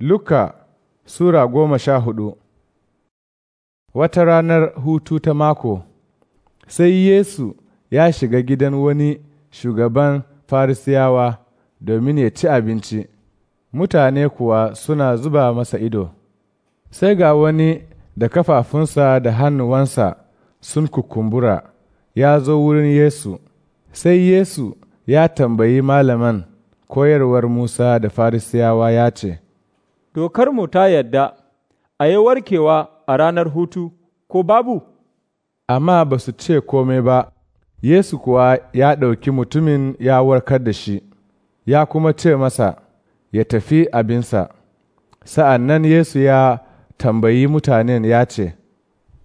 Luka Sura goma sha hudu Wata ranar hutu ta mako, sai Yesu ya shiga gidan wani shugaban Farisiyawa domin ya ci abinci, mutane kuwa suna zuba masa ido. Sai ga wani da kafafunsa da hannuwansa sun kukumbura ya zo wurin Yesu, sai Yesu ya tambayi malaman koyarwar Musa da Farisiyawa ya ce, mu ta yadda a yi warkewa a ranar hutu ko babu? Amma ba su ce kome ba, Yesu kuwa ya ɗauki mutumin ya warkar da shi, ya kuma ce masa, ya tafi abinsa. Sa'an nan Yesu ya tambayi mutanen ya ce,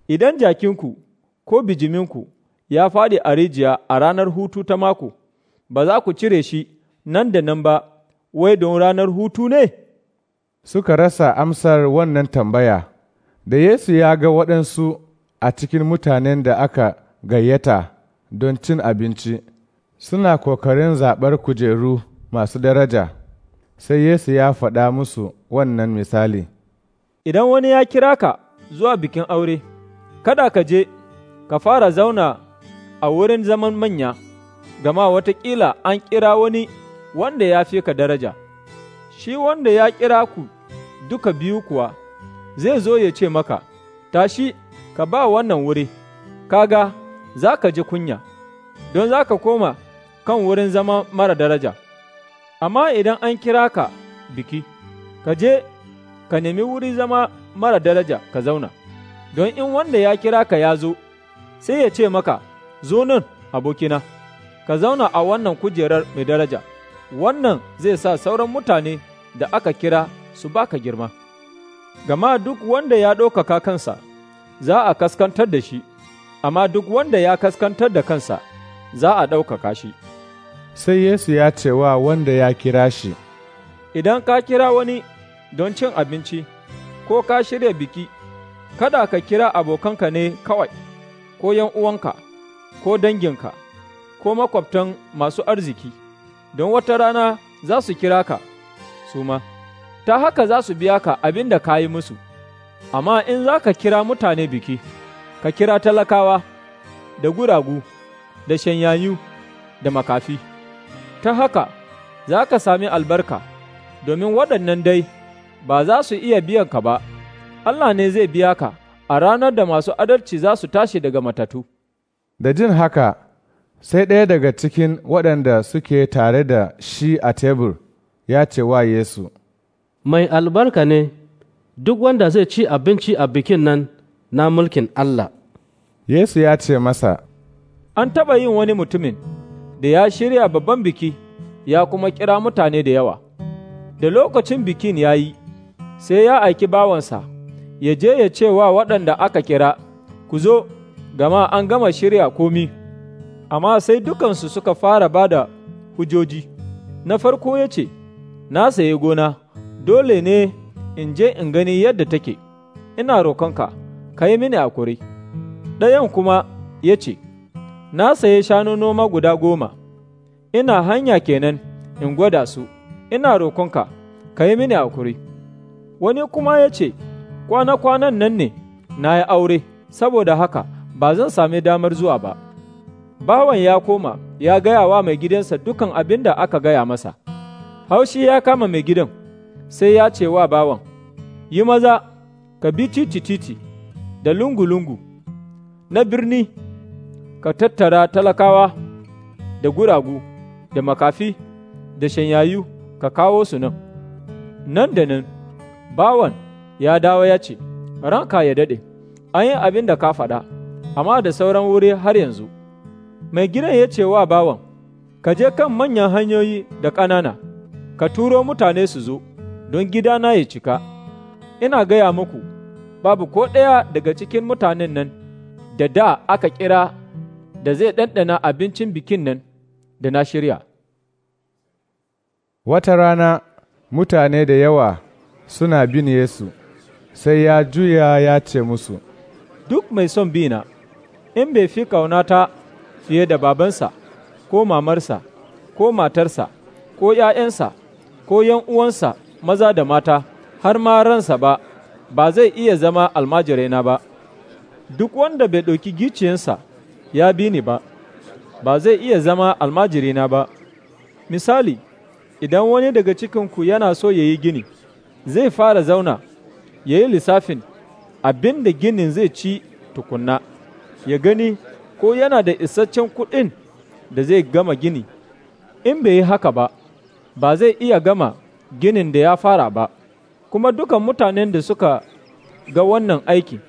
Idan jakinku ko bijiminku ya faɗi a rijiya a ranar hutu ta mako, ba za ku cire shi nan da nan ba, wai don ranar hutu ne? suka rasa amsar wannan tambaya, da Yesu ya ga waɗansu a cikin mutanen da aka gayyata don cin abinci, suna kokarin zaɓar kujeru masu daraja, sai Yesu ya faɗa musu wannan misali. Idan wani ya kira ka zuwa bikin aure, kada ka je, ka fara zauna a wurin zaman manya, gama watakila an kira wani wanda ya fi ka daraja, shi wanda ya kira ku duka biyu kuwa zai zo ya ce maka, Tashi, ka ba wannan wuri, kaga za ka ji kunya, don za ka koma kan wurin zama mara daraja. Amma idan an kira ka biki, ka je ka nemi wuri zama mara daraja ka zauna, don in wanda ya kira ka ya zo, sai ya ce maka, Zo nan, abokina, ka zauna a wannan kujerar mai daraja, wannan zai sa sauran mutane da aka kira su baka girma. Gama duk wanda ya ɗaukaka kansa, za a kaskantar da shi, amma duk wanda ya kaskantar da kansa, za a ɗaukaka shi. Sai Yesu ya ce wa wanda ya kira shi, Idan ka kira wani don cin abinci, ko ka shirya biki, kada ka kira abokanka ne kawai, ko yan uwanka, ko danginka, ko makwabtan masu arziki, don wata rana za su kira ka, su ma. ta haka za su biya ka abin da ka yi musu, amma in za ka kira mutane biki, ka kira talakawa, da guragu, da shanyayu, da makafi, ta haka za ka sami albarka, domin waɗannan dai ba za su iya biyan ka ba, Allah ne zai biya ka a ranar da masu adalci za su tashi daga matatu. Da jin haka, sai ɗaya daga cikin waɗanda suke tare da shi a tebur ya ce wa Yesu, mai albarka ne duk wanda zai ci abinci a bikin nan na mulkin Allah. Yesu ya ce masa, An taɓa yin wani mutumin da ya shirya babban biki ya kuma kira mutane da yawa. Da lokacin bikin ya yi, sai ya aiki bawansa, ya je ya ce wa waɗanda aka kira, Ku zo, gama an gama shirya komi. Amma sai dukansu suka fara ba da hujoji. Na farko ya ce, Na saye gona, dole ne in je in gani yadda take, ina rokonka, ka yi mini akuri. Ɗayan kuma ya ce, Na saye shanu noma guda goma, ina hanya kenan in gwada su, ina rokonka, ka yi mini akuri. Wani kuma ya ce, Kwana-kwanan nan ne, na yi aure, saboda haka ba zan sami damar zuwa ba. Bawan ya koma, ya gaya wa mai gidansa dukan abin da aka gaya masa, haushi ya kama mai gidan. sai ya ce wa bawan, Yi maza, ka bi titi-titi da lungu-lungu na birni, ka tattara talakawa da guragu da makafi da shanyayu ka kawo su nan. Nan da nan, bawan ya dawo ya ce, Ranka ya daɗe, an yi abin da ka faɗa, amma da sauran wuri har yanzu. Mai gidan ya ce wa bawan, Ka je kan manyan hanyoyi da ƙanana, ka turo mutane su zo. don gidana ya cika, ina gaya muku, babu ko ɗaya daga cikin mutanen nan da da aka kira da zai ɗanɗana abincin bikin nan da na shirya. Wata rana mutane da yawa suna bin Yesu, sai ya juya ya ce musu, Duk mai son bina, in bai fi ƙaunata fiye da babansa, ko mamarsa, ko matarsa, ko ‘ya'yansa, ko ‘yan uwansa, maza da mata, har ma ransa ba, ba zai iya zama almajiraina ba, duk wanda bai ɗauki giciyansa ya bi ni ba, ba zai iya zama almajirina ba. Misali, idan wani daga cikinku yana so ya yi gini, zai fara zauna, ya yi lissafin abin da ginin zai ci tukunna, ya gani ko yana da isasshen kuɗin da zai gama gini, in bai yi haka ba, ba zai iya gama ginin da ya fara ba, kuma dukan mutanen da suka ga wannan aiki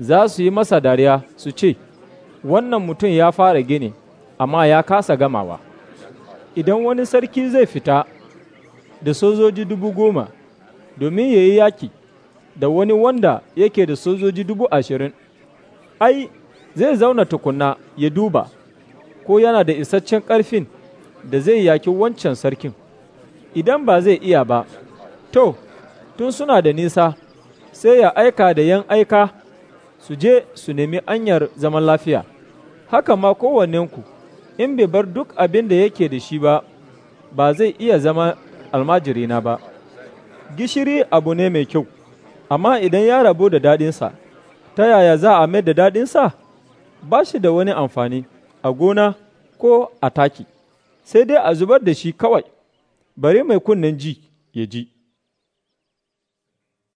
za su yi masa dariya su ce, Wannan mutum ya fara gini, amma ya kasa gamawa. Idan wani sarki zai fita da sojoji dubu goma domin ya yi yaki da wani wanda yake da sojoji dubu ashirin, ai, zai zauna tukunna ya duba ko yana da isasshen ƙarfin da zai yaki wancan sarkin. idan ba zai iya ba, to, tun suna da nisa, sai ya aika da ‘yan aika su je su nemi anyar zaman lafiya, haka ma kowannenku, in bai bar duk abin da yake da shi ba, ba zai iya zama almajirina ba. Gishiri abu ne mai kyau, amma idan ya rabu da daɗinsa, ta yaya za a mai da daɗinsa? Ba shi da wani amfani a gona ko a taki, sai dai a zubar da shi kawai. bare mai kunnen ji ya ji